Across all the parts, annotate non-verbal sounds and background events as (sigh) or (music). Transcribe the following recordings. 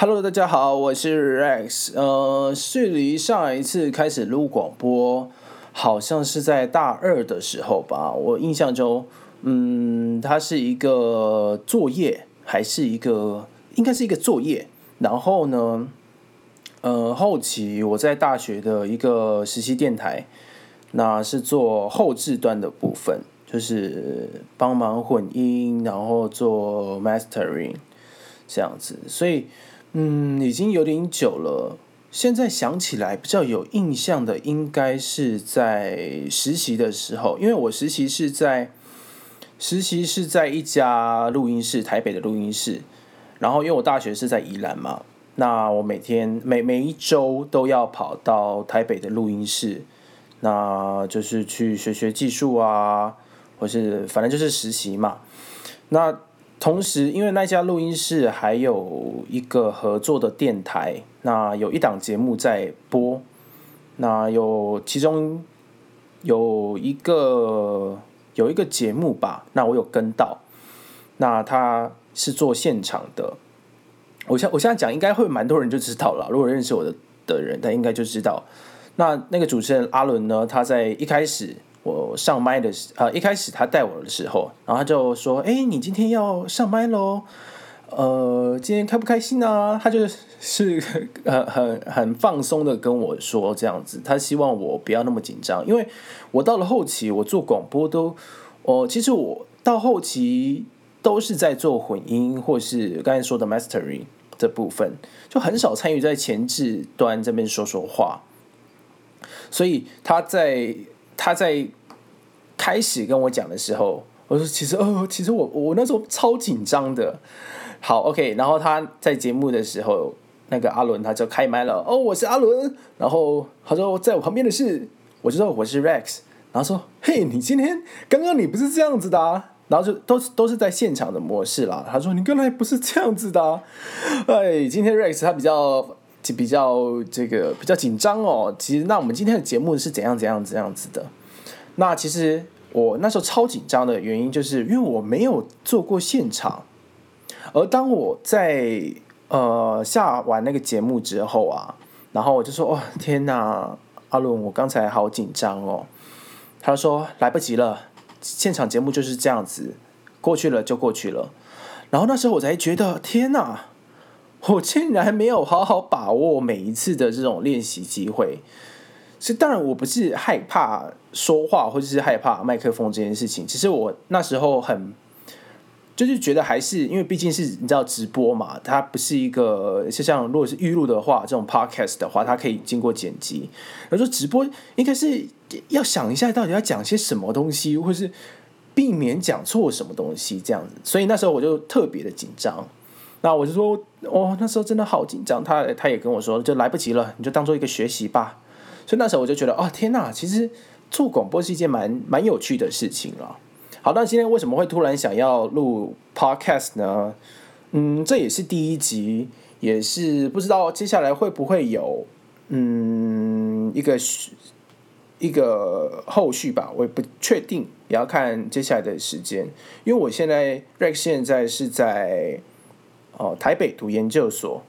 Hello，大家好，我是 Rex。呃，距離上一次開始錄廣播，好像是在大二的時候吧。我印象中，嗯，它是一個作業，還是一個應該是一個作業。然後呢，呃，後期我在大學的一個實習電台，那是做後制端的部分，就是幫忙混音，然後做 mastering 這樣子，所以。嗯，已經有點久了。現在想起來，比較有印象的，應該是在實習的時候，因為我實習是在實習是在一家錄音室，台北的錄音室。然後因為我大學是在宜蘭嘛，那我每天每每一周都要跑到台北的錄音室，那就是去學學技術啊，或是反正就是實習嘛。那同時，因為那家錄音室還有一個合作的電台，那有一檔節目在播，那有其中有一個有一個節目吧，那我有跟到，那他是做現場的，我想我現在講應該會蠻多人就知道了，如果認識我的的人，他應該就知道。那那個主持人阿倫呢，他在一開始。我上麥的時，呃，一開始他帶我的時候，然後他就說：“哎、欸，你今天要上麥嘍？呃，今天開不開心啊？”他就是很很很放鬆的跟我說這樣子，他希望我不要那麼緊張。因為我到了後期，我做廣播都，哦、呃，其實我到後期都是在做混音，或是剛才說的 mastering 這部分，就很少參與在前置端這邊說說話。所以他在。他在開始跟我講的時候，我說其實哦，其實我我那時候超緊張的。好，OK，然後他在節目的時候，那個阿倫他就開麥了，哦，我是阿倫，然後他說在我旁邊的是，我就說我是 Rex，然後說嘿，你今天剛剛你不是這樣子的啊，然後就都都是在現場的模式啦，他說你剛才不是這樣子的啊，哎，今天 Rex 他比較。比較這個比較緊張哦，其實那我們今天的節目是怎樣怎樣怎樣子的？那其實我那時候超緊張的原因，就是因為我沒有做過現場。而當我在呃下完那個節目之後啊，然後我就說：“哦天哪，阿倫，我剛才好緊張哦。”他說：“來不及了，現場節目就是這樣子，過去了就過去了。”然後那時候我才覺得：“天哪！”我竟然沒有好好把握每一次的這種練習機會。是當然，我不是害怕說話，或者是害怕麥克風這件事情。其實我那時候很，就是覺得還是因為畢竟是你知道直播嘛，它不是一個就像如果是預錄的話，這種 podcast 的話，它可以經過剪輯。而說直播應該是要想一下到底要講些什麼東西，或是避免講錯什麼東西這樣子。所以那時候我就特別的緊張。那我就說。哦，那時候真的好緊張，他他也跟我說，就來不及了，你就當做一個學習吧。所以那時候我就覺得，哦，天吶啊，其實做廣播是一件蠻蠻有趣的事情了。好，那今天為什麼會突然想要錄 podcast 呢？嗯，這也是第一集，也是不知道接下來會不會有嗯一個一個後續吧，我也不確定，也要看接下來的時間，因為我現在 Rex 現在是在。哦，台北讀研究所，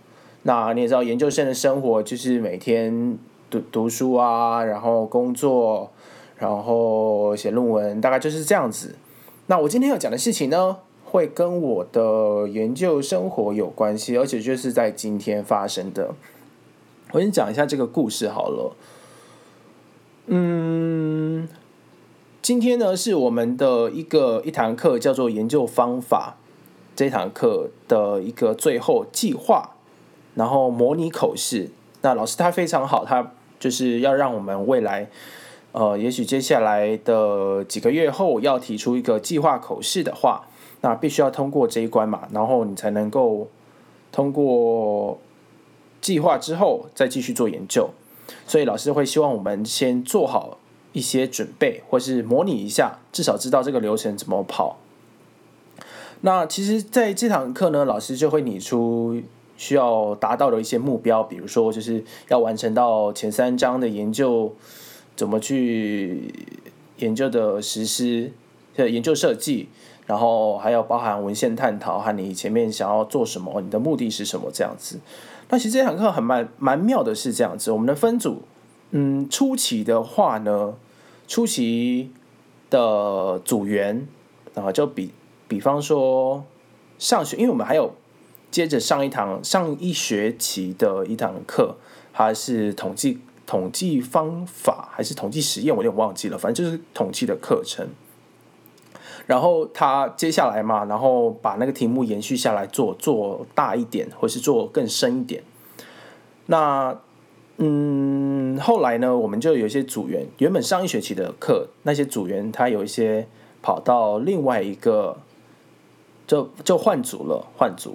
那你也知道，研究生的生活就是每天讀讀書啊，然後工作，然後寫論文，大概就是這樣子。那我今天要講的事情呢，會跟我的研究生活有關係，而且就是在今天發生的。我先講一下這個故事好了。嗯，今天呢，是我們的一個一堂課，叫做研究方法。這堂課的一個最後計劃，然後模擬口試。那老師他非常好，他就是要讓我們未來，呃，也許接下來的幾個月後要提出一個計劃口試的話，那必須要通過這一關嘛，然後你才能夠通過計劃之後再繼續做研究。所以老師會希望我們先做好一些準備，或是模擬一下，至少知道這個流程怎麼跑。那其實在這堂課呢，老師就會擬出需要達到的一些目標，比如說就是要完成到前三章的研究，怎麼去研究的實施，研究設計，然後還有包含文獻探討和你前面想要做什麼，你的目的是什麼這樣子。那其實這堂課很蠻蠻妙的是這樣子，我們的分組，嗯，初期的話呢，初期的組員啊就比。比方說，上學，因為我們還有接着上一堂上一學期的一堂課，還是統計統計方法，還是統計實驗，我就忘記了。反正就是統計的課程。然後他接下來嘛，然後把那個題目延續下來做，做大一點，或是做更深一點。那嗯，後來呢，我們就有一些組員，原本上一學期的課，那些組員他有一些跑到另外一個。就就換組了，換組。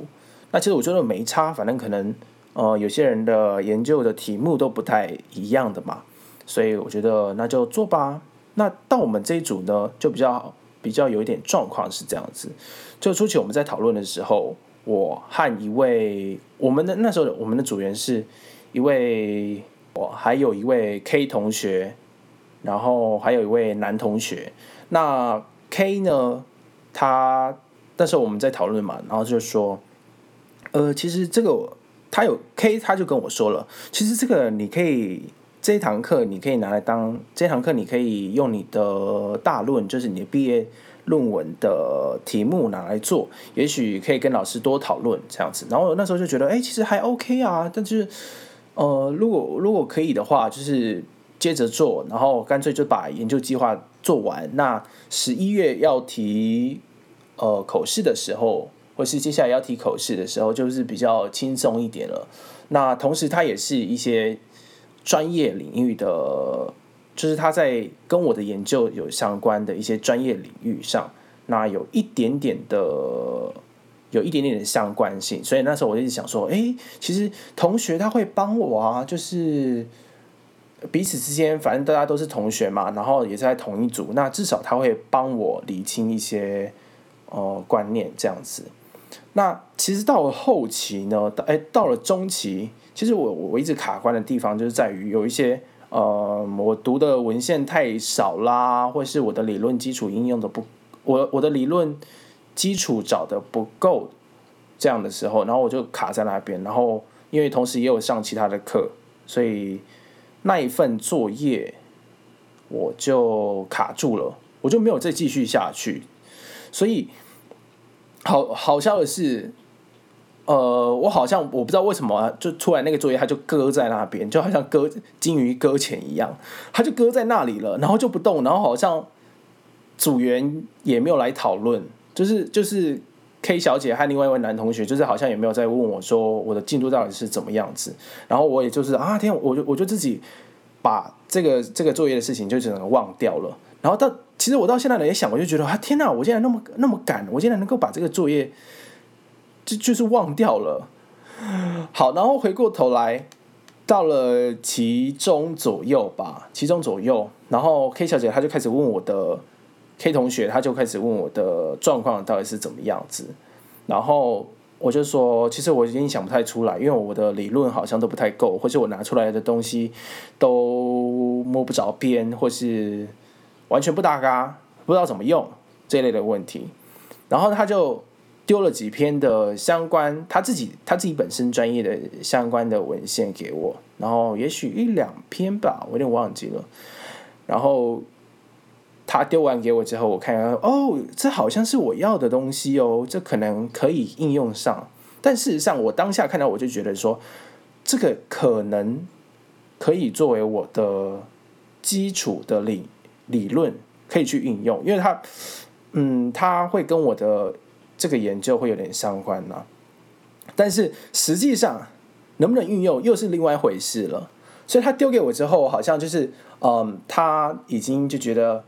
那其實我覺得沒差，反正可能呃，有些人的研究的題目都不太一樣的嘛，所以我覺得那就做吧。那到我們這一組呢，就比較比較有一點狀況是這樣子。就初期我們在討論的時候，我和一位我們的那時候我們的組員是一位，我還有一位 K 同學，然後還有一位男同學。那 K 呢，他。那時候我們在討論嘛，然後就說，呃，其實這個他有 K，他就跟我說了，其實這個你可以這堂課你可以拿來當這堂課你可以用你的大論，就是你的畢業論文的題目拿來做，也許可以跟老師多討論這樣子。然後那時候就覺得，哎、欸，其實還 OK 啊。但是，呃，如果如果可以的話，就是接着做，然後乾脆就把研究計劃做完。那十一月要提。呃，口試的時候，或是接下來要提口試的時候，就是比較輕鬆一點了。那同時，他也是一些專業領域的，就是他在跟我的研究有相關的一些專業領域上，那有一點點的，有一點點的相關性。所以那時候我一直想說，哎、欸，其實同學他會幫我啊，就是彼此之間，反正大家都是同學嘛，然後也是在同一組，那至少他會幫我理清一些。呃，觀念這樣子，那其實到了後期呢，哎，到了中期，其實我我一直卡關的地方就是在於有一些呃，我讀的文獻太少啦，或是我的理論基礎應用的不，我我的理論基礎找的不夠這樣的時候，然後我就卡在那邊，然後因為同時也有上其他的課，所以那一份作業我就卡住了，我就沒有再繼續下去，所以。好好笑的是，呃，我好像我不知道為什麼，啊，就突然那個作業，它就擱在那邊，就好像擱鯨魚擱淺一樣，它就擱在那裡了，然後就不動，然後好像組員也沒有來討論，就是就是 K 小姐和另外一位男同學，就是好像也沒有在問我說我的進度到底是怎麼樣子，然後我也就是啊天，我就我就自己把這個這個作業的事情就只能忘掉了，然後他。其實我到現在也想，我就覺得啊，天哪！我竟然那麼那麼趕，我竟然能夠把這個作業就就是忘掉了。好，然後回過頭來到了期中左右吧，期中左右，然後 K 小姐她就開始問我的 K 同學，她就開始問我的狀況到底是怎麼樣子。然後我就說，其實我已經想不太出來，因為我的理論好像都不太夠，或是我拿出來的東西都摸不着邊，或是。完全不搭嘎，不知道怎麼用這一類的問題，然後他就丟了幾篇的相關他自己他自己本身專業的相關的文獻給我，然後也許一兩篇吧，我有點忘記了。然後他丟完給我之後，我看看哦，這好像是我要的東西哦，這可能可以應用上。但事實上，我當下看到我就覺得說，這個可能可以作為我的基礎的理。理論可以去運用，因為他，嗯，他會跟我的這個研究會有點相關呢、啊。但是實際上能不能運用又是另外一回事了。所以他丟給我之後，好像就是嗯，他已經就覺得，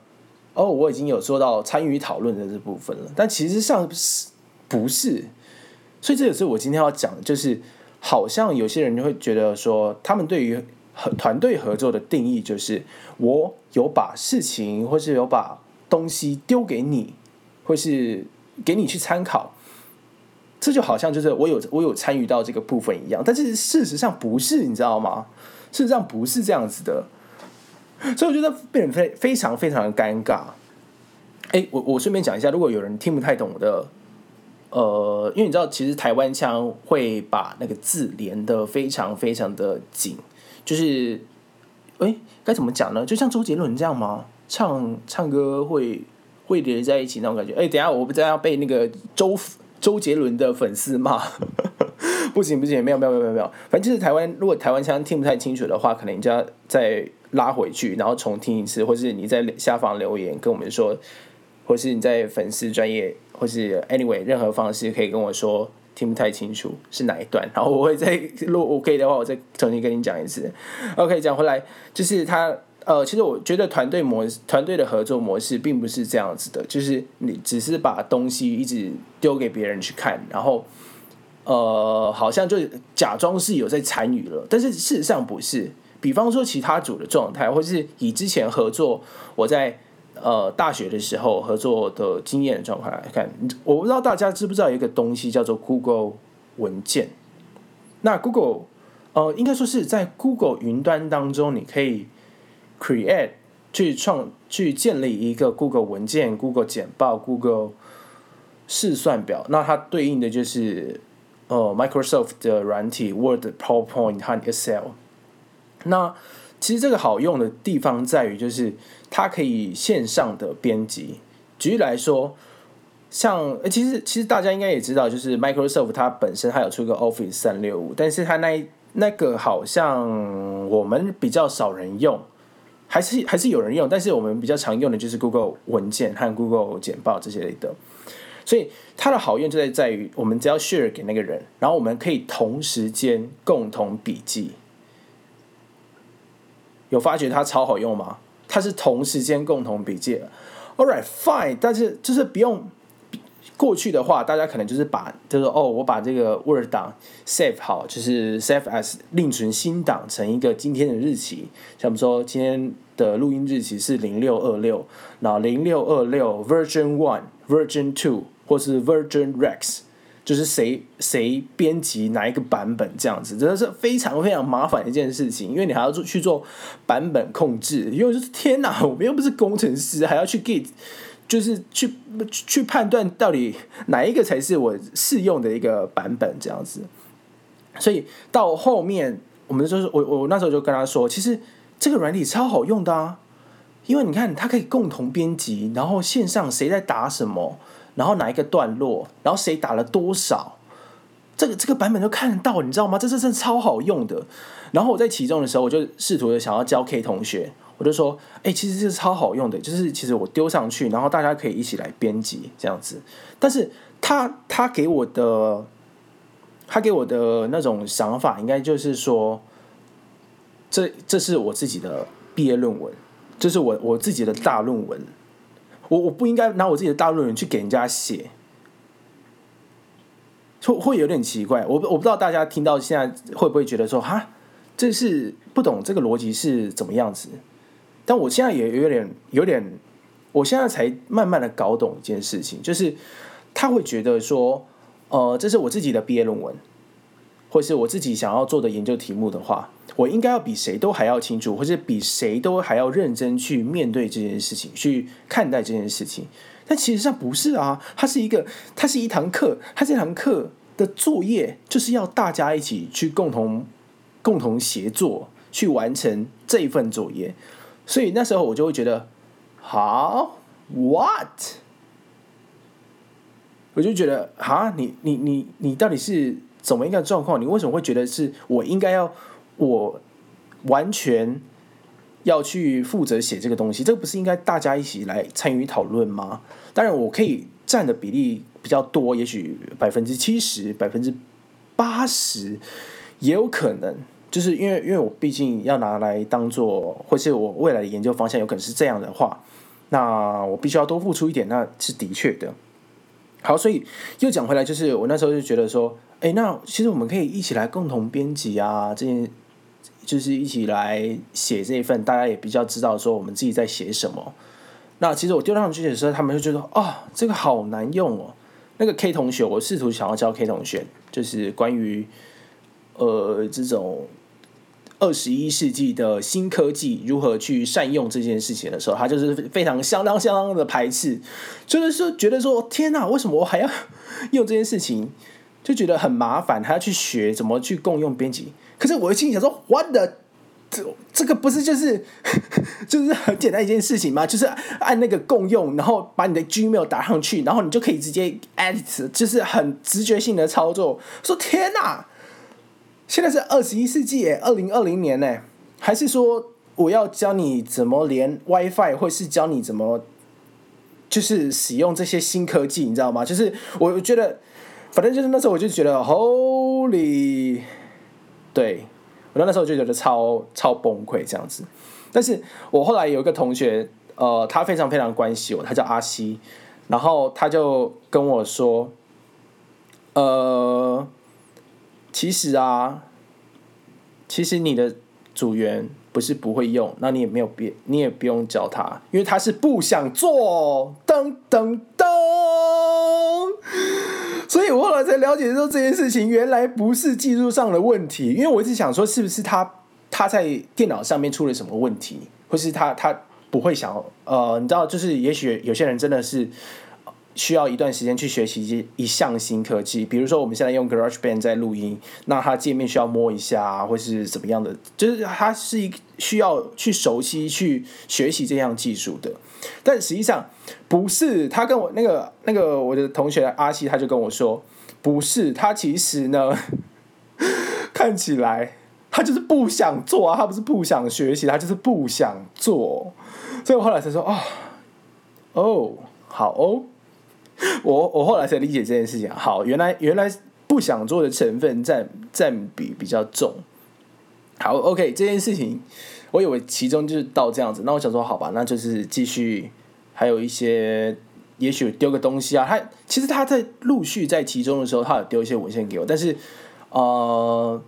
哦，我已經有做到參與討論的這部分了。但其實上是不是？所以這也是我今天要講的，就是好像有些人就會覺得說，他們對於團隊合作的定義就是我。有把事情或是有把東西丟給你，或是給你去參考，這就好像就是我有我有參與到這個部分一樣，但是事實上不是，你知道嗎？事實上不是這樣子的，所以我覺得變得非非常非常的尷尬。誒、欸，我我順便講一下，如果有人聽不太懂的，呃，因為你知道，其實台灣腔會把那個字連得非常非常的緊，就是。哎，該怎麼講呢？就像周杰倫這樣嗎？唱唱歌會會疊在一起那種感覺。誒，等一下，我不知道要被那個周周杰倫的粉絲罵， (laughs) 不行不行，沒有沒有沒有沒有。反正就是台灣，如果台灣腔聽不太清楚的話，可能你就要再拉回去，然後重聽一次，或是你在下方留言跟我們說，或是你在粉絲專業，或是 anyway 任何方式可以跟我說。聽不太清楚是哪一段，然後我會再錄，OK 的話，我再重新跟你講一次。OK，講回來就是他，呃，其實我覺得團隊模團隊的合作模式並不是這樣子的，就是你只是把東西一直丟給別人去看，然後，呃，好像就假裝是有在參與了，但是事實上不是。比方說其他組的狀態，或是以之前合作，我在。呃，大學的時候合作的經驗的狀況來看，我不知道大家知不知道有一個東西叫做 Google 文件。那 Google，呃，應該說是在 Google 雲端當中，你可以 create 去創去建立一個 Google 文件、Google 簡報、Google 試算表。那它對應的就是呃 Microsoft 的軟體 Word、PowerPoint 和 Excel。那其實這個好用的地方在於，就是它可以線上的編輯。舉例來說，像、欸、其實其實大家應該也知道，就是 Microsoft 它本身它有出一個 Office 三六五，但是它那那個好像我們比較少人用，還是還是有人用。但是我們比較常用的就是 Google 文件和 Google 簡報這些類的。所以它的好用就在在於，我們只要 share 給那個人，然後我們可以同時間共同筆記。有發覺它超好用嗎？它是同時間共同筆記。All right, fine，但是就是不用過去的話，大家可能就是把就是說哦，我把這個 Word 檔 save 好，就是 save as 另存新檔成一個今天的日期，像我們說今天的錄音日期是零六二六，然後零六二六 Version One、Version Two 或是 Version Rex。就是誰誰編輯哪一個版本這樣子，真的是非常非常麻煩一件事情，因為你還要做去做版本控制，因為、就是天哪，我們又不是工程師，還要去 Git，就是去去判斷到底哪一個才是我適用的一個版本這樣子。所以到後面，我們就是我我那時候就跟他說，其實這個軟體超好用的啊，因為你看它可以共同編輯，然後線上誰在打什麼。然後哪一個段落，然後誰打了多少，這個這個版本都看得到，你知道嗎？這這這超好用的。然後我在其中的時候，我就試圖的想要教 K 同學，我就說：“欸，其實這是超好用的，就是其實我丟上去，然後大家可以一起來編輯這樣子。”但是他他給我的他給我的那種想法，應該就是說，這這是我自己的畢業論文，就是我我自己的大論文。我我不應該拿我自己的大論文去給人家寫，會會有點奇怪。我我不知道大家聽到現在會不會覺得說哈，這是不懂這個邏輯是怎麼樣子。但我現在也有點有點，我現在才慢慢的搞懂一件事情，就是他會覺得說，呃，這是我自己的畢業論文。或是我自己想要做的研究題目的話，我應該要比誰都還要清楚，或是比誰都還要認真去面對這件事情，去看待這件事情。但其實上不是啊，它是一個，它是一堂課，它這堂課的作業就是要大家一起去共同、共同協作去完成這份作業。所以那時候我就會覺得，好，what？我就覺得，哈，你、你、你、你到底是？怎麼一個狀況？你為什麼會覺得是我應該要我完全要去負責寫這個東西？這不是應該大家一起來參與討論嗎？當然，我可以佔的比例比較多，也許百分之七十、百分之八十也有可能。就是因為因為我畢竟要拿來當做，或是我未來的研究方向，有可能是這樣的話，那我必須要多付出一點，那是的確的。好，所以又講回來，就是我那時候就覺得說。哎，那其實我們可以一起來共同編輯啊，這件就是一起來寫這一份，大家也比較知道說我們自己在寫什麼。那其實我丟上去的時候，他們就覺得啊，哦，這個好難用哦。那個 K 同學，我試圖想要教 K 同學，就是關於呃這種二十一世紀的新科技如何去善用這件事情的時候，他就是非常相當相當的排斥，就，就是說覺得說天哪，為什麼我還要用這件事情？就覺得很麻煩，還要去學怎麼去共用編輯。可是我的心裡想說，What the? 這這個不是就是 (laughs) 就是很簡單一件事情嗎？就是按那個共用，然後把你的 Gmail 打上去，然後你就可以直接 edit，就是很直覺性的操作。說天哪，現在是二十一世紀，二零二零年呢？還是說我要教你怎麼連 Wi-Fi，或是教你怎麼就是使用這些新科技？你知道嗎？就是我覺得。反正就是那時候，我就覺得 Holy，對，我到那時候就覺得超超崩潰這樣子。但是我後來有一個同學，呃，他非常非常關心我，他叫阿西，然後他就跟我說，呃，其實啊，其實你的組員不是不會用，那你也沒有別，你也不用教他，因為他是不想做，噔噔噔。所以，我後來才了解說這件事情原來不是技術上的問題，因為我一直想說，是不是他他在電腦上面出了什麼問題，或是他他不會想，呃，你知道，就是也許有些人真的是。需要一段時間去學習一項新科技，比如說我們現在用 GarageBand 在錄音，那它界面需要摸一下，啊，或是怎麼樣的，就是它是一需要去熟悉、去學習這項技術的。但實際上不是，他跟我那個那個我的同學阿西，他就跟我說，不是，他其實呢， (laughs) 看起來他就是不想做啊，他不是不想學習，他就是不想做。所以我後來才說啊，哦，哦，好哦。 (laughs) 我我後來才理解這件事情啊。好，原來原來不想做的成分占占比比較重。好，OK，這件事情，我以為其中就是到這樣子。那我想說，好吧，那就是繼續，還有一些，也許丟個東西啊。他其實他在陸續在其中的時候，他有丟一些文獻給我。但是，呃，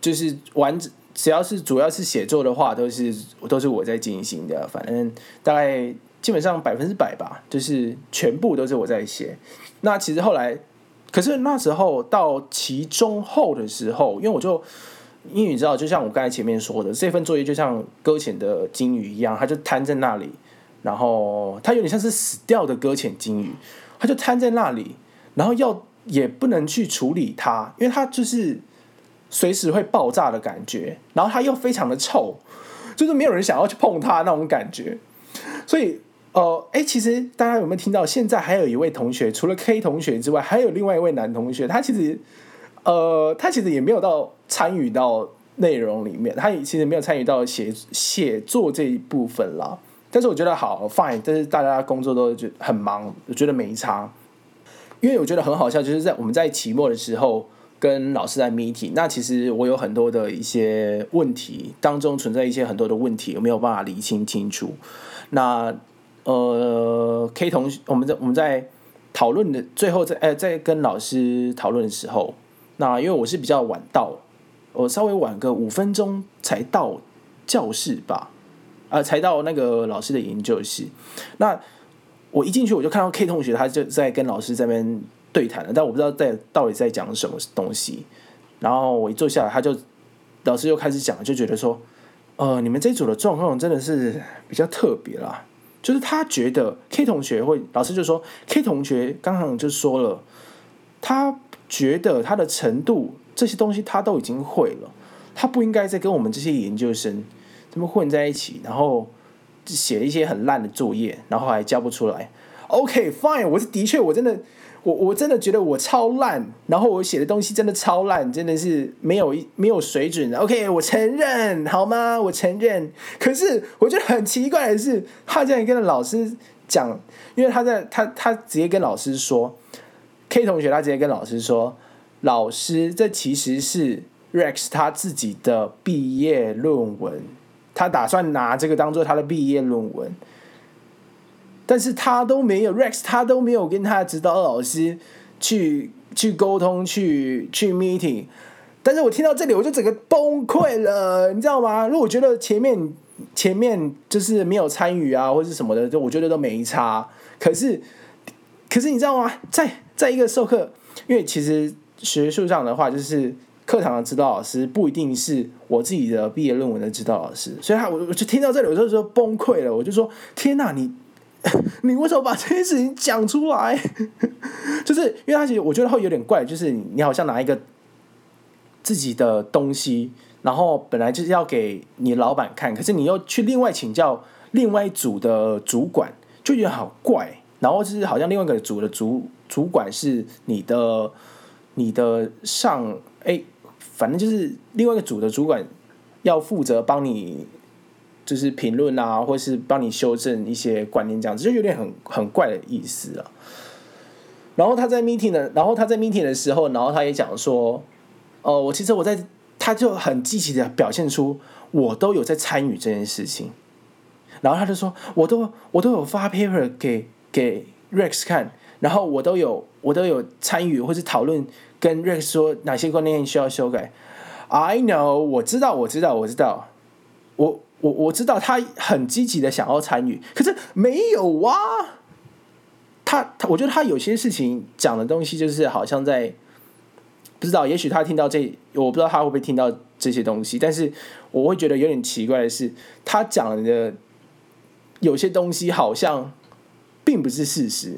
就是完只要是主要是寫作的話，都是都是我在進行的。反正大概。基本上百分之百吧，就是全部都是我在寫。那其實後來，可是那時候到期中後的時候，因為我就，因為你知道，就像我剛才前面說的，這份作業就像擱淺的鯨魚一樣，它就癱在那裡。然後它有點像是死掉的擱淺鯨魚，它就癱在那裡，然後要也不能去處理它，因為它就是隨時會爆炸的感覺。然後它又非常的臭，就是沒有人想要去碰它那種感覺，所以。哦，哎、呃，其實大家有沒有聽到？現在還有一位同學，除了 K 同學之外，還有另外一位男同學。他其實，呃，他其實也沒有到參與到內容裡面，他也其實沒有參與到寫寫作這一部分了。但是我覺得好 fine，但是大家工作都就很忙，我覺得沒差。因為我覺得很好笑，就是在我們在期末的時候跟老師在 meeting，那其實我有很多的一些問題當中存在一些很多的問題，我沒有辦法理清清楚。那呃，K 同學，我們在我們在討論的最後在，在呃，在跟老師討論的時候，那因為我是比較晚到，我稍微晚個五分鐘才到教室吧，啊、呃，才到那個老師的研究室。那我一進去，我就看到 K 同學，他就在跟老師這邊對談了，但我不知道在到底在講什麼東西。然後我一坐下來，他就老師就開始講，就覺得說，呃，你們這一組的狀況真的是比較特別啦。就是他覺得 K 同學會，老師就說 K 同學剛剛就說了，他覺得他的程度這些東西他都已經會了，他不應該再跟我們這些研究生這麼混在一起，然後寫一些很爛的作業，然後還交不出來。OK，fine，okay，我是的確我真的。我我真的覺得我超爛，然後我寫的東西真的超爛，真的是沒有沒有水準的。OK，我承認，好嗎？我承認。可是我覺得很奇怪的是，他這樣跟老師講，因為他在他他直接跟老師說，K 同學他直接跟老師說，老師，這其實是 Rex 他自己的畢業論文，他打算拿這個當做他的畢業論文。但是他都沒有，Rex 他都沒有跟他的指導老師去去溝通去去 meeting，但是我聽到這裡我就整個崩潰了，你知道嗎？如果我覺得前面前面就是沒有參與啊，或是什麼的，就我覺得都沒差。可是可是你知道嗎？在在一個授課，因為其實學術上的話，就是課堂的指導老師不一定是我自己的畢業論文的指導老師，所以他，我我就聽到這裡我就說崩潰了，我就說天哪，你！ (laughs) 你為什麼把這件事情講出來？ (laughs) 就是因為他覺得，我覺得會有點怪。就是你好像拿一個自己的東西，然後本來就是要給你老闆看，可是你又去另外請教另外一組的主管，就覺得好怪。然後就是好像另外一個組的主主管是你的，你的上誒、欸，反正就是另外一個組的主管要負責幫你。就是評論啊，或是幫你修正一些觀念，這樣子就有點很很怪的意思啊。然後他在 meeting 的，然後他在 meeting 的時候，然後他也講說，哦，我其實我在，他就很積極的表現出我都有在參與這件事情。然後他就說，我都我都有發 paper 給給 Rex 看，然後我都有我都有參與或是討論跟 Rex 說哪些觀念需要修改。I know，我知道，我知道，我知道，我知道。我我我知道他很積極的想要參與，可是沒有啊。他他，我覺得他有些事情講的東西，就是好像在不知道，也許他聽到這，我不知道他會不會聽到這些東西。但是我會覺得有點奇怪的是，他講的有些東西好像並不是事實。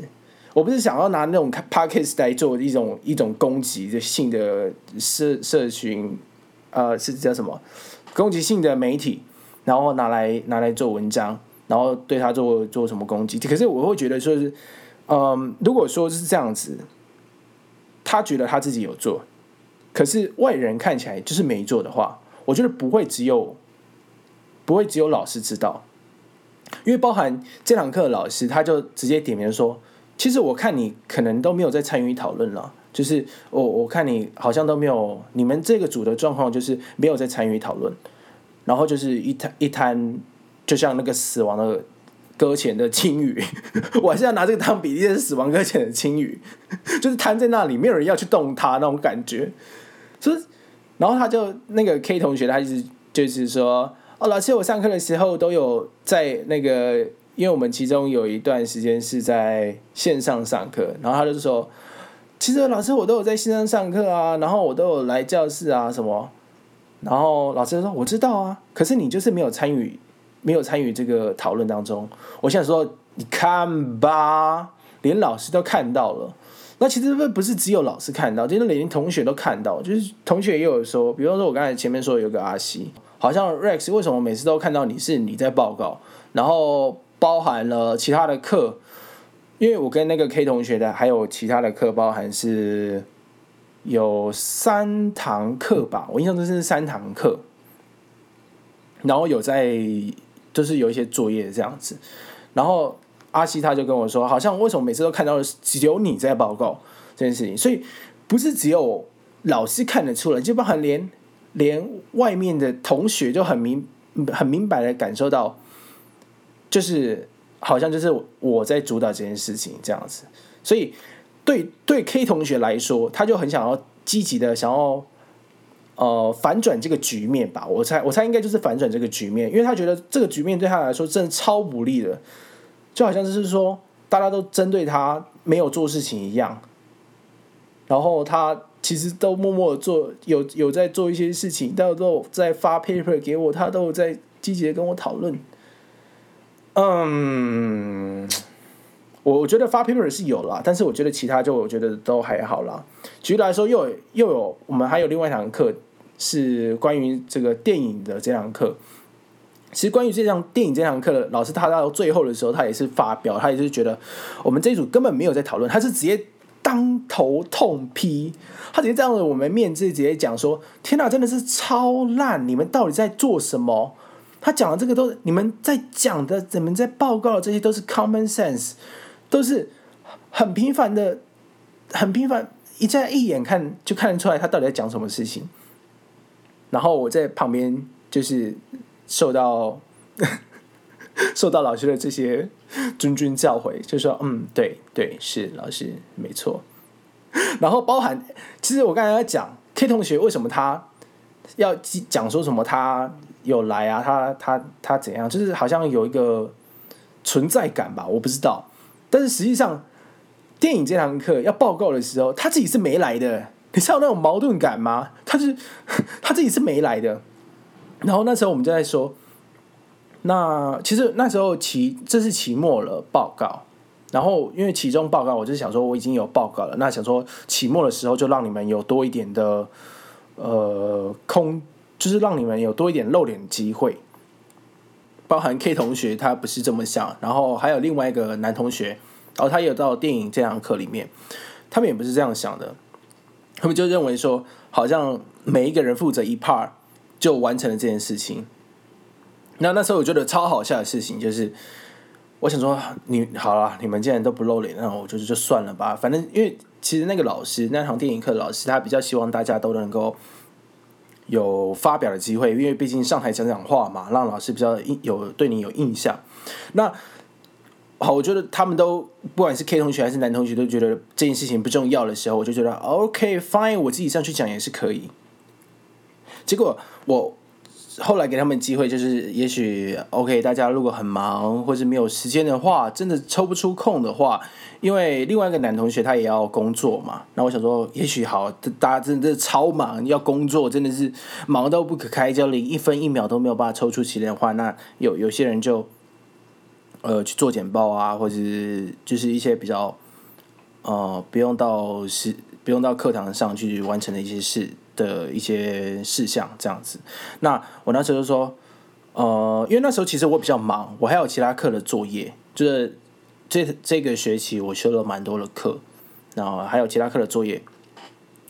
我不是想要拿那種 podcast 來做一種一種攻擊性的社社群啊、呃，是叫什麼攻擊性的媒體。然後拿來拿來做文章，然後對他做做什麼攻擊？可是我會覺得說、就是，嗯，如果說是這樣子，他覺得他自己有做，可是外人看起來就是沒做的話，我覺得不會只有不會只有老師知道，因為包含這堂課的老師他就直接點名說，其實我看你可能都沒有在參與討論了，就是我、哦、我看你好像都沒有，你們這個組的狀況就是沒有在參與討論。然後就是一攤一攤，就像那個死亡的擱淺的鯨魚， (laughs) 我現在拿這個當比喻，是死亡擱淺的鯨魚， (laughs) 就是攤在那裡，沒有人要去動它那種感覺。所以，然後他就那個 K 同學，他就是、就是說，哦，老師，我上課的時候都有在那個，因為我們其中有一段時間是在線上上課，然後他就說，其實老師我都有在線上上課啊，然後我都有來教室啊什麼。然後老師說：“我知道啊，可是你就是沒有參與，沒有參與這個討論當中。”我想說：“你看吧，連老師都看到了。那其實不是只有老師看到，就是連同學都看到。就是同學也有說，比方說，我剛才前面說有個阿西，好像 Rex 為什麼每次都看到你是你在報告，然後包含了其他的課，因為我跟那個 K 同學的還有其他的課包含是。”有三堂課吧，嗯、我印象中是三堂課，然後有在，就是有一些作業這樣子，然後阿西他就跟我說，好像我為什麼每次都看到只有你在報告這件事情，所以不是只有老師看得出來，就包含連連外面的同學就很明很明白的感受到，就是好像就是我在主導這件事情這樣子，所以。對，對 K 同學來說，他就很想要積極的想要，呃，反轉這個局面吧。我猜，我猜應該就是反轉這個局面，因為他覺得這個局面對他來說真的超不利的，就好像就是說大家都針對他沒有做事情一樣。然後他其實都默默的做，有有在做一些事情，大家都有在發 paper 給我，他都有在積極的跟我討論。嗯、um。我覺得發 paper 是有啦，但是我覺得其他就我覺得都還好啦。舉例來說又有，又又有我們還有另外一堂課是關於這個電影的這堂課。其實關於這堂電影這堂課的老師，他到最後的時候，他也是發表，他也是覺得我們這一組根本沒有在討論，他是直接當頭痛批，他直接這樣子，我們面，自己直接講說：“天哪，真的是超爛！你們到底在做什麼？”他講的這個都，你們在講的，你們在報告的這些都是 common sense。都是很平凡的，很平凡，一在一眼看就看得出來他到底在講什麼事情。然後我在旁邊就是受到呵呵受到老師的這些諄諄教誨，就說：“嗯，對對，是老師沒錯。”然後包含其實我剛才在講 K 同學為什麼他要講說什麼，他有來啊，他他他怎樣，就是好像有一個存在感吧，我不知道。但是實際上，電影這堂課要報告的時候，他自己是沒來的。你知道那種矛盾感嗎？他是他自己是沒來的。然後那時候我們就在說，那其實那時候期這是期末了報告。然後因為期中報告，我就想說我已經有報告了。那想說期末的時候就讓你們有多一點的呃空，就是讓你們有多一點露臉機會。包含 K 同學他不是這麼想，然後還有另外一個男同學，然後，哦，他也有到電影這堂課裡面，他們也不是這樣想的，他們就認為說，好像每一個人負責一 part 就完成了這件事情。那那時候我覺得超好笑的事情就是，我想說你好啦，你們既然都不露臉，那我就是就算了吧，反正因為其實那個老師那堂電影課老師他比較希望大家都能夠。有發表的機會，因為畢竟上台講講話嘛，讓老師比較有，有對你有印象。那好，我覺得他們都不管是 K 同學還是男同學都覺得這件事情不重要的時候，我就覺得 OK fine，我自己上去講也是可以。結果我。後來給他們機會，就是也許 OK，大家如果很忙，或是沒有時間的話，真的抽不出空的話，因為另外一個男同學他也要工作嘛。那我想說，也許好，大家真的超忙，要工作，真的是忙到不可開交，連一分一秒都沒有辦法抽出時間的話，那有有些人就，呃，去做簡報啊，或者是就是一些比較，呃，不用到是不用到課堂上去完成的一些事的一些事項這樣子，那我那時候就說，呃，因為那時候其實我比較忙，我還有其他課的作業，就是這這個學期我修了蠻多的課，然後還有其他課的作業，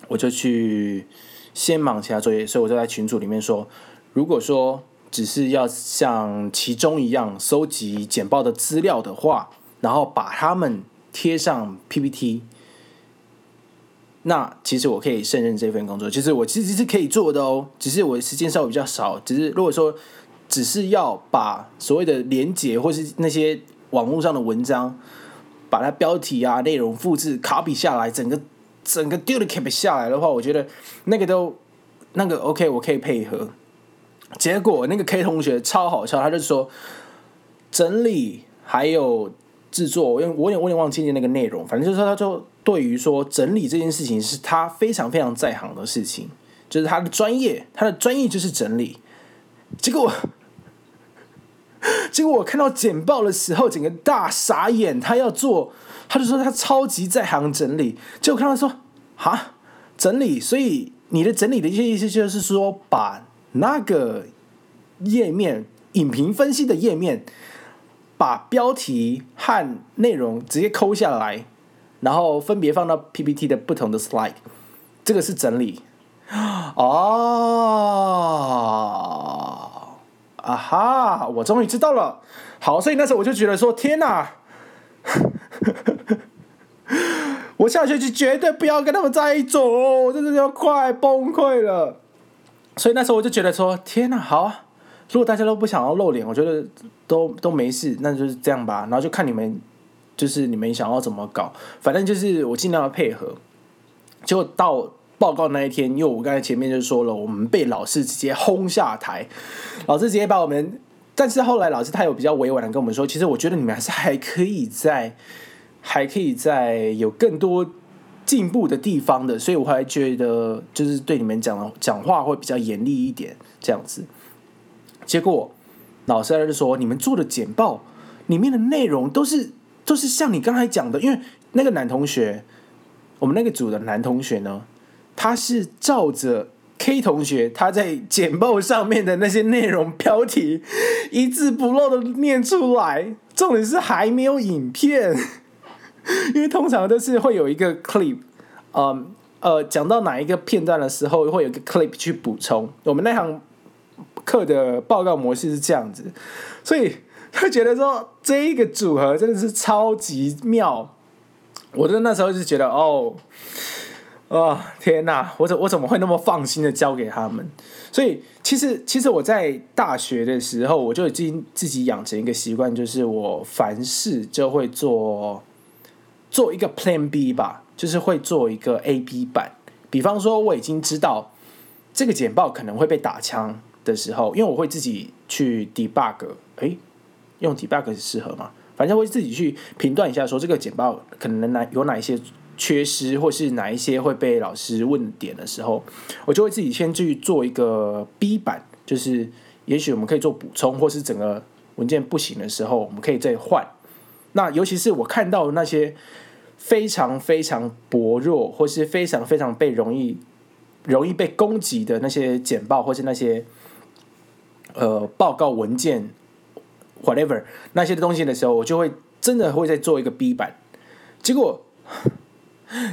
我就去先忙其他作業，所以我就在群組裡面說，如果說只是要像期中一樣收集簡報的資料的話，然後把它們貼上 PPT。那其實我可以勝任這份工作，其實我其實是可以做的哦，只是我時間稍微比較少。只是如果說，只是要把所謂的連結或是那些網絡上的文章，把它標題啊內容複製、copy 下來，整個整個 duplicate 下來的話，我覺得那個都那個 OK，我可以配合。結果那個 K 同學超好笑，他就說整理還有製作，因為我也我也忘記那個內容，反正就是說他就。對於說整理這件事情，是他非常非常在行的事情，就是他的專業，他的專業就是整理。結果，結果我看到簡報的時候，整個大傻眼。他要做，他就說他超級在行整理。結果看到說哈，整理。所以你的整理的一些意思就是說，把那個頁面影評分析的頁面，把標題和內容直接摳下來。然後分別放到 PPT 的不同的 slide，這個是整理。哦，啊哈，我終於知道了。好，所以那時候我就覺得說，天哪！呵呵呵，我下學期絕對不要跟他們在一起哦，我真的要快崩潰了。所以那時候我就覺得說，天哪，好啊，如果大家都不想要露臉，我覺得都都沒事，那就是這樣吧。然後就看你們。就是你們想要怎麼搞，反正就是我儘量的配合。結果到報告那一天，因為我剛才前面就說了，我們被老師直接轟下台，老師直接把我們。但是後來老師他有比較委婉的跟我們說，其實我覺得你們還是還可以在，還可以在有更多進步的地方的，所以我還覺得就是對你們講講話會比較嚴厲一點這樣子。結果老師還是說，你們做的簡報裡面的內容都是。就是像你剛才講的，因為那個男同學，我們那個組的男同學呢，他是照着 K 同學他在簡報上面的那些內容標題，一字不漏的念出來。重點是還沒有影片，因為通常都是會有一個 clip，呃呃，講到哪一個片段的時候，會有一個 clip 去補充。我們那堂課的報告模式是這樣子，所以。會覺得說，這一個組合真的是超級妙，我就那時候就覺得哦，哦，天哪，我怎我怎麼會那麼放心的交給他們？所以其實其實我在大學的時候，我就已經自己養成一個習慣，就是我凡事就會做做一個 Plan B 吧，就是會做一個 AB 版。比方說我已經知道這個簡報可能會被打槍的時候，因為我會自己去 debug，哎。用 debug 是適合嘛？反正會自己去評斷一下，說這個簡報可能哪有哪一些缺失，或是哪一些會被老師問點的時候，我就會自己先去做一個 B 版，就是也許我們可以做補充，或是整個文件不行的時候，我們可以再換。那尤其是我看到的那些非常非常薄弱，或是非常非常被容易容易被攻擊的那些簡報，或是那些呃報告文件，whatever 那些東西的時候，我就會真的會再做一個 B 版。結果，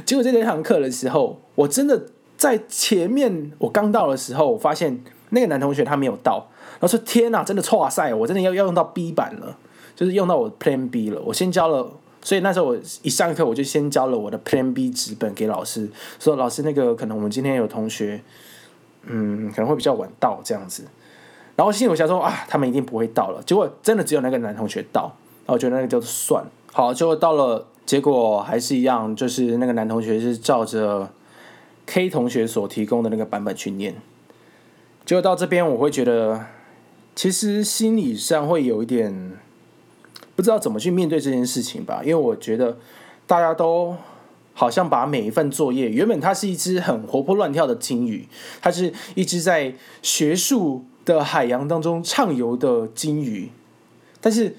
結果在這堂課的時候，我真的在前面我剛到的時候，我發現那個男同學他沒有到，然後說：“天吶、啊，真的錯啊賽，我真的要要用到 B 版了，就是用到我 Plan B 了。”我先交了，所以那時候我一上課我就先交了我的 Plan B 紙本給老師，說：“老師，那個可能我們今天有同學，嗯，可能會比較晚到這樣子。”然後心裡我想說啊，他們一定不會到了。結果真的只有那個男同學到，然後我覺得那個就算好。就到了，結果還是一樣，就是那個男同學是照着 K 同學所提供的那個版本去念。結果到這邊，我會覺得其實心理上會有一點不知道怎麼去面對這件事情吧，因為我覺得大家都好像把每一份作業原本它是一隻很活潑亂跳的金魚，它是一隻在學術。的海洋當中暢游的鯨魚，但是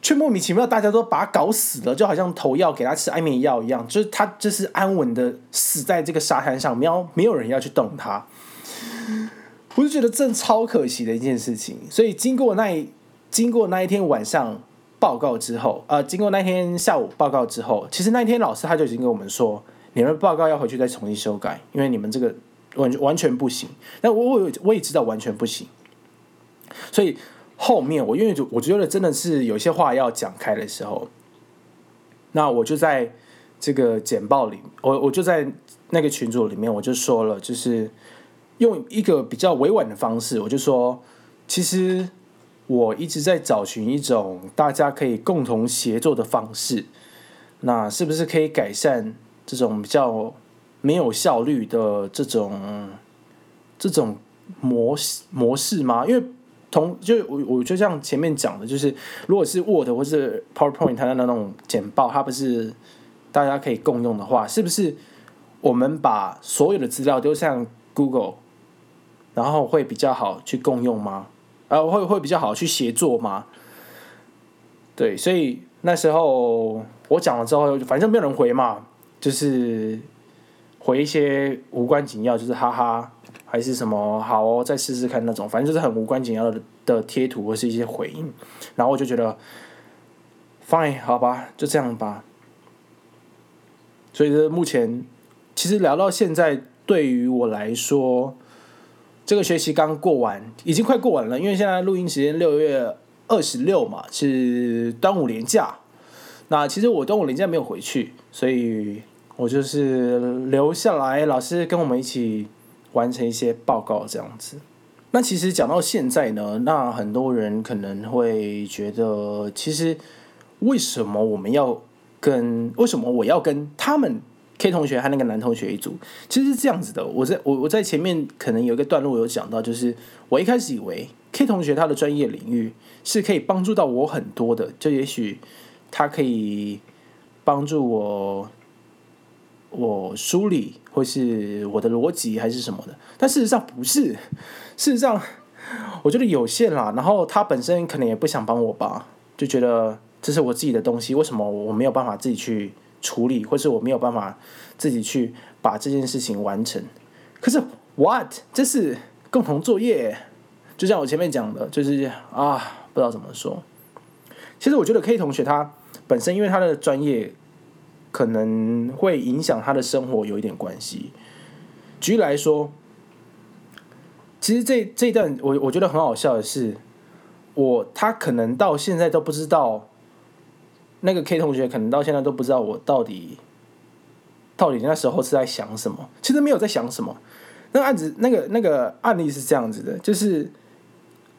卻莫名其妙大家都把它搞死了，就好像投藥給它吃安眠藥一樣，就是它就是安穩的死在這個沙灘上，喵，沒有人要去動它。我就覺得這超可惜的一件事情。所以經過那經過那一天晚上報告之後，呃，經過那天下午報告之後，其實那一天老師他就已經跟我們說，你們報告要回去再重新修改，因為你們這個。完完全不行，但我我我也知道完全不行，所以後面我因為就我覺得真的是有些話要講開的時候，那我就在這個簡報裡，我我就在那個群組裡面，我就說了，就是用一個比較委婉的方式，我就說，其實我一直在找尋一種大家可以共同協作的方式，那是不是可以改善這種比較？沒有效率的這種這種模式模式嗎？因為同就我我就像前面講的，就是如果是 Word 或是 PowerPoint 它的那種簡報，它不是大家可以共用的話，是不是我們把所有的資料都像 Google，然後會比較好去共用嗎？啊、呃，會會比較好去協作嗎？對，所以那時候我講了之後，反正沒有人回嘛，就是。回一些無關緊要，就是哈哈，還是什麼好哦，再試試看那種，反正就是很無關緊要的貼圖或是一些回應，然後我就覺得，fine，好吧，就這樣吧。所以，是目前其實聊到現在，對於我來說，這個學期剛過完，已經快過完了，因為現在錄音時間六月二十六嘛，是端午連假。那其實我端午連假沒有回去，所以。我就是留下來，老師跟我們一起完成一些報告，這樣子。那其實講到現在呢，那很多人可能會覺得，其實為什麼我們要跟為什麼我要跟他們 K 同學和那個男同學一組？其實是這樣子的，我在我我在前面可能有一個段落有講到，就是我一開始以為 K 同學他的專業領域是可以幫助到我很多的，就也許他可以幫助我。我梳理，或是我的邏輯，還是什麼的，但事實上不是。事實上，我覺得有限啦。然後他本身可能也不想幫我吧，就覺得這是我自己的東西，為什麼我沒有辦法自己去處理，或是我沒有辦法自己去把這件事情完成？可是，what？這是共同作業，就像我前面講的，就是啊，不知道怎麼說。其實我覺得 K 同學他本身，因為他的專業。可能會影響他的生活有一點關係。舉例來說，其實這這一段我我覺得很好笑的是，我他可能到現在都不知道，那個 K 同學可能到現在都不知道我到底到底那時候是在想什麼。其實沒有在想什麼。那案子那個那個案例是這樣子的，就是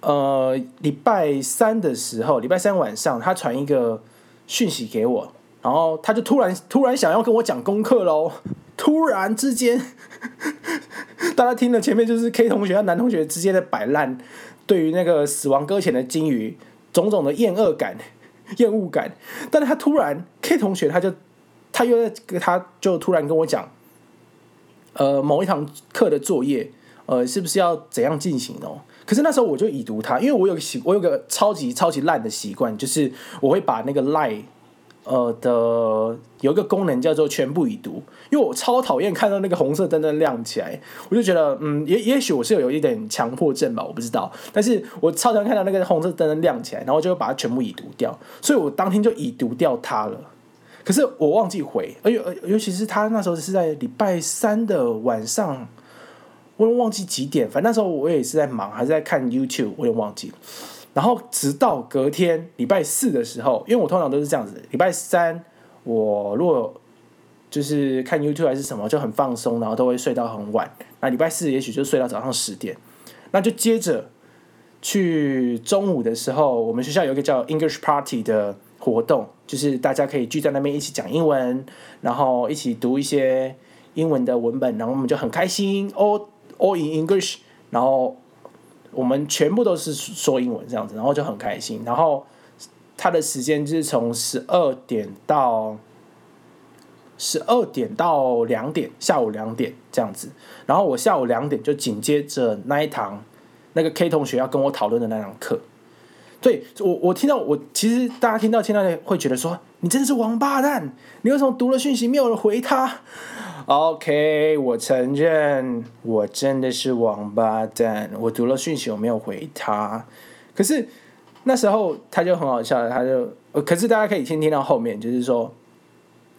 呃禮拜三的時候，禮拜三晚上他傳一個訊息給我。然後他就突然突然想要跟我講功課嘍，突然之間呵呵，大家聽了前面就是 K 同學和男同學之間的擺爛，對於那個死亡擱淺的鯨魚種種的厭惡感、厭惡感，但是他突然 K 同學他就他又在他就突然跟我講，呃某一堂課的作業，呃是不是要怎樣進行哦？可是那時候我就已讀他，因為我有習我有個超級超級爛的習慣，就是我會把那個賴。呃的有一個功能叫做全部已讀，因為我超討厭看到那個紅色燈燈亮起來，我就覺得嗯，也也許我是有有一點強迫症吧，我不知道。但是我超常看到那個紅色燈燈亮起來，然後就會把它全部已讀掉，所以我當天就已讀掉它了。可是我忘記回，尤尤其是他那時候是在禮拜三的晚上，我都忘記幾點，反正那時候我也是在忙，還是在看 YouTube，我也忘記了。然後直到隔天禮拜四的時候，因為我通常都是這樣子，禮拜三我如果就是看 YouTube 還是什麼就很放鬆，然後都會睡到很晚。那禮拜四也許就睡到早上十點，那就接着去中午的時候，我們學校有一個叫 English Party 的活動，就是大家可以聚在那邊一起講英文，然後一起讀一些英文的文本，然後我們就很開心，all all in English，然後。我們全部都是說英文這樣子，然後就很開心。然後他的時間就是從十二點到十二點到兩點，下午兩點這樣子。然後我下午兩點就緊接着那一堂那個 K 同學要跟我討論的那堂課。對，我我聽到我其實大家聽到聽到會覺得說，你真的是王八蛋，你為什麼讀了訊息沒有人回他？OK，我承認，我真的是王八蛋。我讀了訊息，我沒有回他。可是那時候他就很好笑了，他就，可是大家可以聽聽到後面，就是說，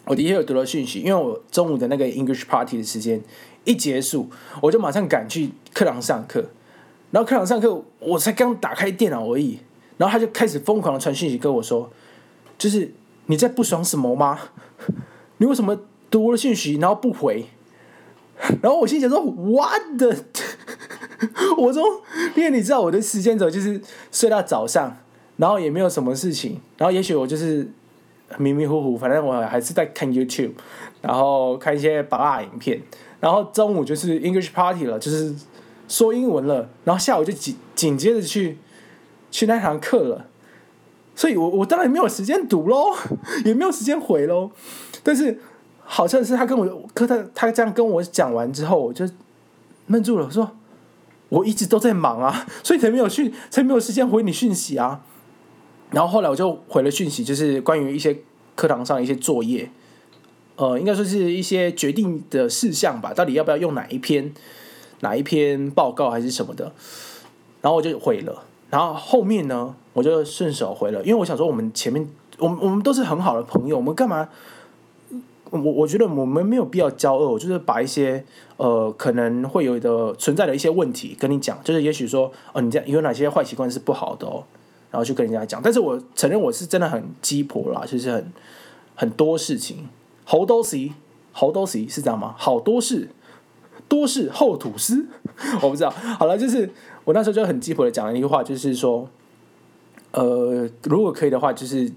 我的確有讀了訊息，因為我中午的那個 English party 的時間一結束，我就馬上趕去課堂上課，然後課堂上課我才剛打開電腦而已，然後他就開始瘋狂的傳訊息跟我說，就是你在不爽什麼嗎？你為什麼？讀了信息，然後不回，然後我心想說：“ What the？ (laughs) 我說，因為你知道我的時間軸就是睡到早上，然後也沒有什麼事情，然後也許我就是迷迷糊糊，反正我還是在看 YouTube，然後看一些八卦影片，然後中午就是 English Party 了，就是說英文了，然後下午就緊緊接着去去那堂課了，所以我我當然沒有時間讀嘍，也沒有時間回嘍，但是。”好像是他跟我他他這樣跟我講完之後，我就愣住了，我說我一直都在忙啊，所以才沒有去，才沒有時間回你訊息啊。然後後來我就回了訊息，就是關於一些課堂上的一些作業，呃，應該說是一些決定的事項吧，到底要不要用哪一篇，哪一篇報告還是什麼的。然後我就回了，然後後面呢，我就順手回了，因為我想說，我們前面，我們我們都是很好的朋友，我們幹嘛？我我覺得我們沒有必要驕傲，我就是把一些呃可能會有的存在的一些問題跟你講，就是也許說哦，你家有哪些壞習慣是不好的哦，然後去跟人家講。但是我承認我是真的很雞婆啦，就是很很多事情猴都死，猴都死是這樣嗎？好多事多事厚吐司，我不知道。好了，就是我那時候就很雞婆的講了一句話，就是說，呃，如果可以的話，就是。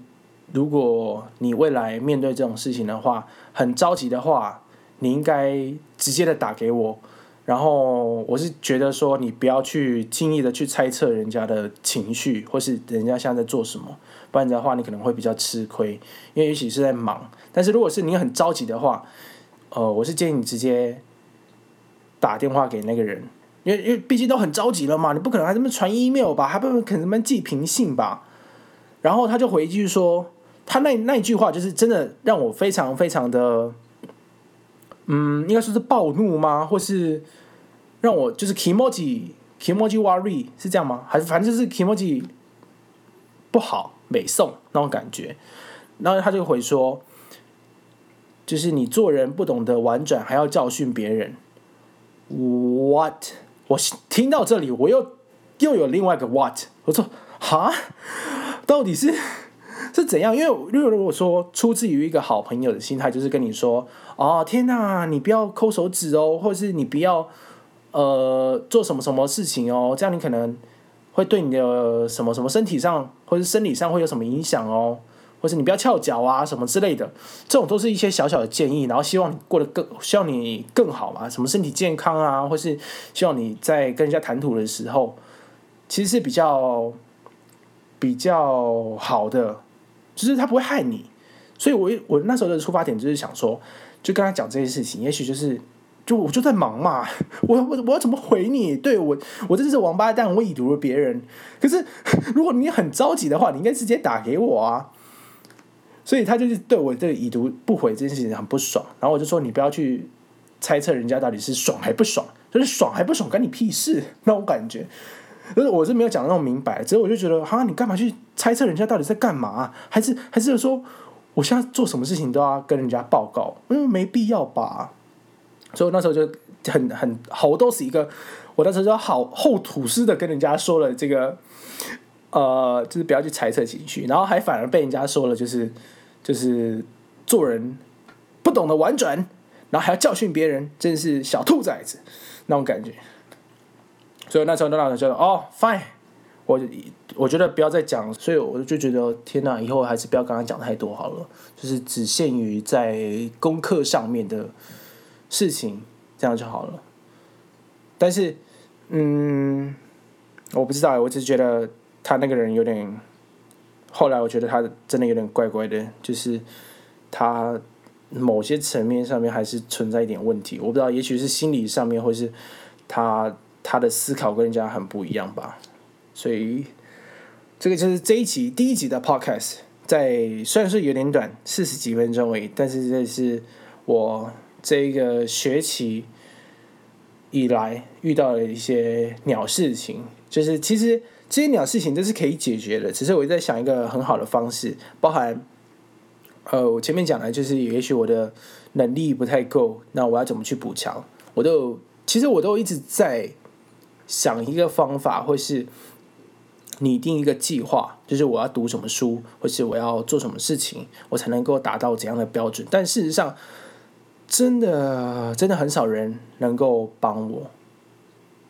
如果你未來面對這種事情的話，很着急的話，你應該直接的打給我。然後我是覺得說，你不要去輕易的去猜測人家的情緒，或是人家現在在做什麼，不然的話你可能會比較吃虧，因為也許是在忙。但是如果是你很着急的話，呃，我是建議你直接打電話給那個人，因為因為畢竟都很着急了嘛，你不可能還這麼傳 email 吧，還不可能這麼寄平信吧？然後他就回一句說。他那那一句話就是真的讓我非常非常的，嗯，應該說是暴怒嗎？或是讓我就是 kimochi kimochi warui 是這樣嗎？還是反正就是 kimochi 不好美送那種感覺。然後他就回說：“就是你做人不懂得婉轉，還要教訓別人。” What？我聽到這裡，我又又有另外一個 what？我說哈，到底是？是怎樣？因為，因為如果說出自於一個好朋友的心態，就是跟你說：“哦，天吶，你不要摳手指哦，或者是你不要呃做什麼什麼事情哦，這樣你可能會對你的什麼什麼身體上或者是生理上會有什麼影響哦，或是你不要翹腳啊什麼之類的。這種都是一些小小的建議，然後希望你過得更希望你更好嘛，什麼身體健康啊，或者是希望你在跟人家談吐的時候，其實是比較比較好的。”就是他不會害你，所以我我那時候的出發點就是想說，就跟他講這些事情，也許就是，就我就在忙嘛，我我我要怎麼回你？對我我真是王八蛋，我已讀了別人。可是如果你很着急的話，你應該直接打給我啊。所以他就是對我這個已讀不回這件事情很不爽，然後我就說你不要去猜測人家到底是爽還不爽，就是爽還不爽關你屁事，那種感覺。所以我是沒有講那麼明白，所以我就覺得，哈，你幹嘛去猜測人家到底在幹嘛啊？還是還是說，我現在做什麼事情都要跟人家報告？嗯，沒必要吧？所以那時候就很很，好多是一個，我那時候就好厚土似的跟人家說了這個，呃，就是不要去猜測情緒，然後還反而被人家說了，就是就是做人不懂得婉轉，然後還要教訓別人，真是小兔崽子那種感覺。所以那時候那老人就說：“哦，oh，fine，我我覺得不要再講，所以我就覺得天吶，以後還是不要跟他講太多好了，就是只限於在功課上面的事情，這樣就好了。但是，嗯，我不知道，我只是覺得他那個人有點。後來我覺得他真的有點怪怪的，就是他某些層面上面還是存在一點問題，我不知道，也許是心理上面，或是他。”他的思考跟人家很不一樣吧，所以這個就是這一集第一集的 podcast，在雖然說有點短，四十幾分鐘而已。但是這是我這一個學期以來遇到了一些鳥事情，就是其實這些鳥事情都是可以解決的，只是我在想一個很好的方式，包含呃，我前面講的就是也許我的能力不太夠，那我要怎麼去補強？我都有其實我都一直在。想一個方法，或是擬定一個計劃，就是我要讀什麼書，或是我要做什麼事情，我才能夠達到怎樣的標準？但事實上，真的真的很少人能夠幫我。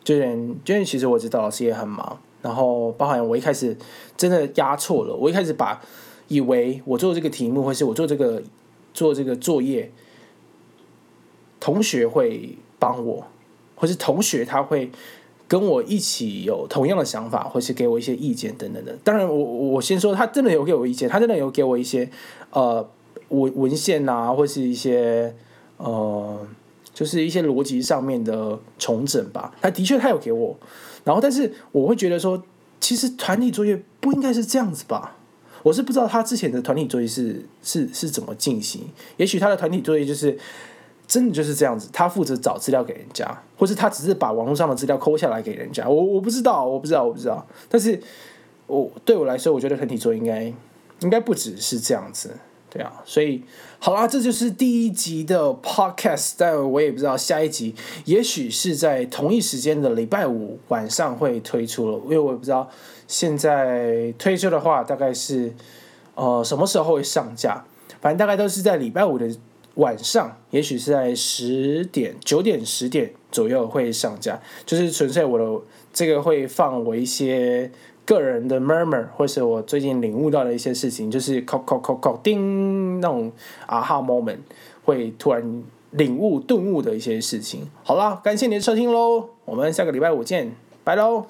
就是其實我知道老師也很忙，然後包含我一開始真的壓錯了，我一開始把以為我做這個題目，或是我做這個做這個作業，同學會幫我，或是同學他會。跟我一起有同樣的想法，或是給我一些意見等等的。當然我，我我先說，他真的有給我意見，他真的有給我一些呃文文獻啊，或是一些呃，就是一些邏輯上面的重整吧。他的確，他有給我。然後，但是我會覺得說，其實團體作業不應該是這樣子吧？我是不知道他之前的團體作業是是是怎麼進行。也許他的團體作業就是。真的就是這樣子，他負責找資料給人家，或是他只是把網絡上的資料摳下來給人家。我我不知道，我不知道，我不知道。但是，我對我來說，我覺得很體座應該應該不只是這樣子，對啊。所以，好啦，這就是第一集的 podcast。但我也不知道下一集，也許是在同一時間的禮拜五晚上會推出了，因為我也不知道現在推出的話，大概是呃什麼時候會上架。反正大概都是在禮拜五的。晚上，也許是在十點、九點、十點左右會上架，就是純粹我的這個會放我一些個人的 murmur，或是我最近領悟到的一些事情，就是叩叩叩叩叮那種啊哈 moment，會突然領悟頓悟的一些事情。好啦，感謝你的收聽嘍，我們下個禮拜五見，拜嘍。